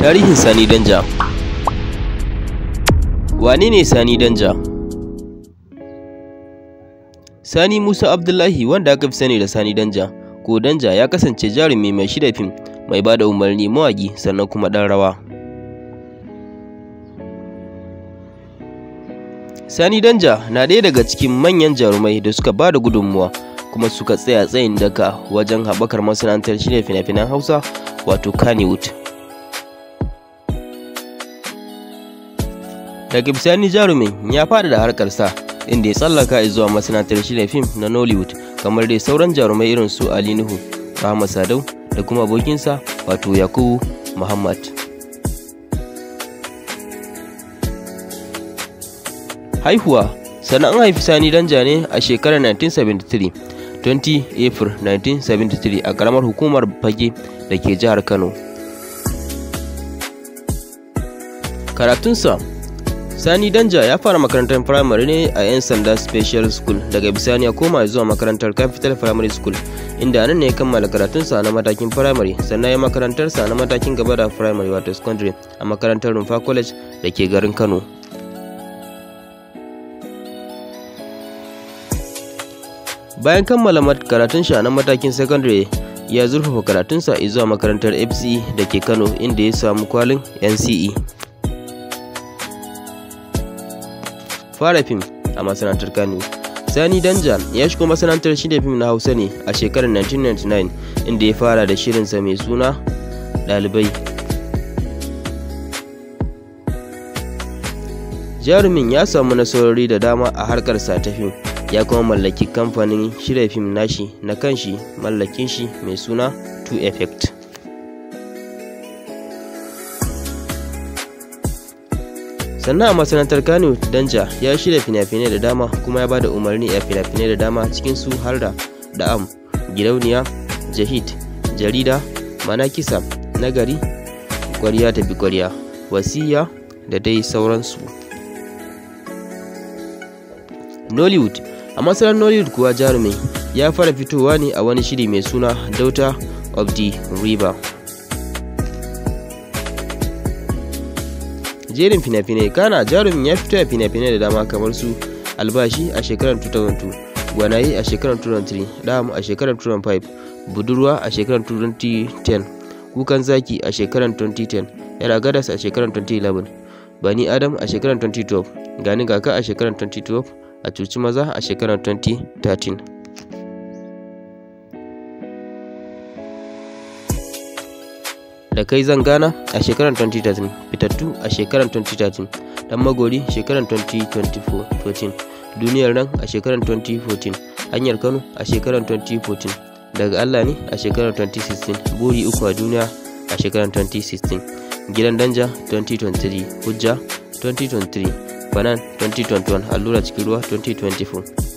Tarihin Sani Danja Wane ne Sani Danja? Sani Musa Abdullahi wanda aka fi sani da Sani Danja ko Danja ya kasance jarumi mai shida fim mai bada umarni mawaki sannan kuma ɗan rawa. Sani Danja na ɗaya daga cikin manyan jarumai da suka ba da gudunmuwa kuma suka tsaya tsayin daka wajen haɓakar masana'antar shirya fina-finan Hausa wato Kannywood. daga bisani jarumin ya fada da harkar sa inda ya tsallaka zuwa masana'antar shirya fim na nollywood kamar dai sauran jarumai irin su ali nuhu Muhammad sadau da kuma abokinsa wato yakubu muhammad haihuwa sannan an haifi sani danja ne a shekarar 1973 20 april 1973 a karamar hukumar fage da ke jihar kano karatunsa Sani Danja ya fara makarantar firamare ne a 'yan sanda Special School daga bisani ya koma zuwa makarantar Capital Primary School inda nan ne ya kammala karatunsa na matakin firamare sannan ya makarantarsa na matakin gaba da firamare wato secondary a makarantar Rumfa College da ke garin Kano. Bayan kammala karatun na matakin secondary ya zurfafa karatunsa zuwa makarantar FC da ke Kano inda ya samu kwalin NCE. fara fim a masana'antar Kano. Sani Danja ya shigo masana'antar shirya fim na Hausa ne a shekarar 1999 inda ya fara da shirinsa mai suna ɗalibai. Jarumin ya samu nasarori da dama a harkarsa ta fim ya kuma mallaki kamfanin shirya fim nashi na kanshi mallakin shi mai suna 2 Effect. sannan a masanantar kano danja ya shirya fina-finai da dama kuma ya bada umarni a fina-finai da dama cikin su har da da'am gidauniya jahid jarida manakisa nagari kwariya fi kwariya wasiya da dai sauransu nollywood a matsalar nollywood kuwa jarumi ya fara fitowa ne a wani shiri mai suna daughter of the river jerin fina-finai kana jarumin ya fito ya fina-finai da dama kamar su albashi a shekarar 2002 Gwanayi a shekarar 2003 dam a shekarar 2005 budurwa a shekarar 2010 kukan zaki a shekarar 2010 yara gadas a shekarar 2011 bani adam a shekarar 2012 gani Gaka a shekarar 2012 a cuci maza a shekarar 2013 da kai zan gana a shekarar 2013 fitattu a shekarar 2013 dan magori shekarar 2014 duniyar nan a shekarar 2014 hanyar kano a shekarar 2014 daga allah ne a shekarar 2016 buri uku a duniya a shekarar 2016 gidan danja 2023 hujja 2023 banan 2021 allura cikin ruwa 2024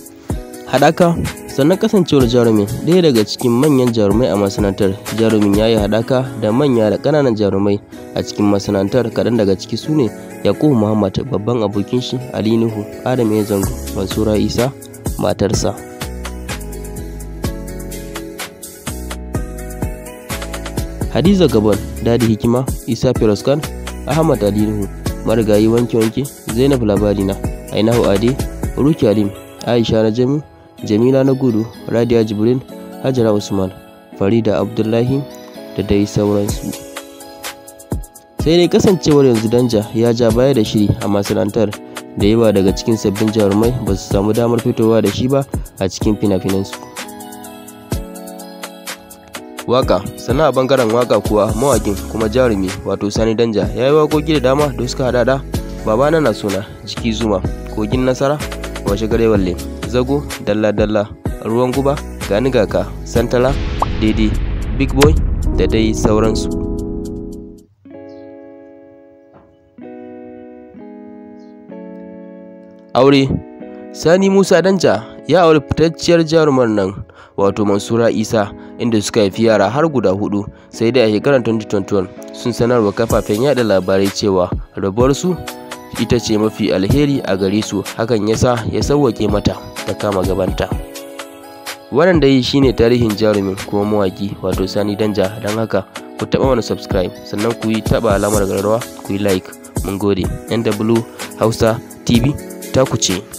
Haɗaka sannan kasancewar jarumi ɗaya daga cikin manyan jarumai a masana'antar jarumin ya yi haɗaka da manya da ƙananan jarumai a cikin masana'antar kaɗan daga ciki su ne yakubu muhammad babban abokin shi ali nuhu adam ya zango mansura isa matarsa hadiza gabon dadi hikima isa firoskan ahmad ali nuhu marigayi wanke wanke zainab labarina ainihu ade ruki alim aisha rajami jamila na gudu radiya jibrin hajara usman farida abdullahi da dai sauransu sai dai kasancewar yanzu danja ya ja baya da shiri a masana'antar da yawa daga cikin sabbin jarumai ba su samu damar fitowa da shi ba a cikin fina-finansu waka sana'a bangaren waka kuwa mawakin kuma jarumi wato sani danja ya yi wakoki da dama da suka hada da babana na suna jiki zuma kogin nasara washe gare walle zago dalla-dalla ruwan guba ganigaka gaka santala daidai big boy da dai sauransu aure sani musa danja ya auri fitacciyar jarumar nan wato mansura isa inda suka haifi yara har guda hudu sai dai a shekarar 2021 sun sanarwa kafafen yada labarai cewa rabuwarsu ita ce mafi alheri a gare su hakan yasa ya sauwake mata ta kama gabanta wannan dai shine tarihin jarumin kuma mawaki wato sani danja don haka ku taba mana subscribe sannan ku yi taɓa alamar garawa ku yi like mun gode nw hausa tv ta ku ce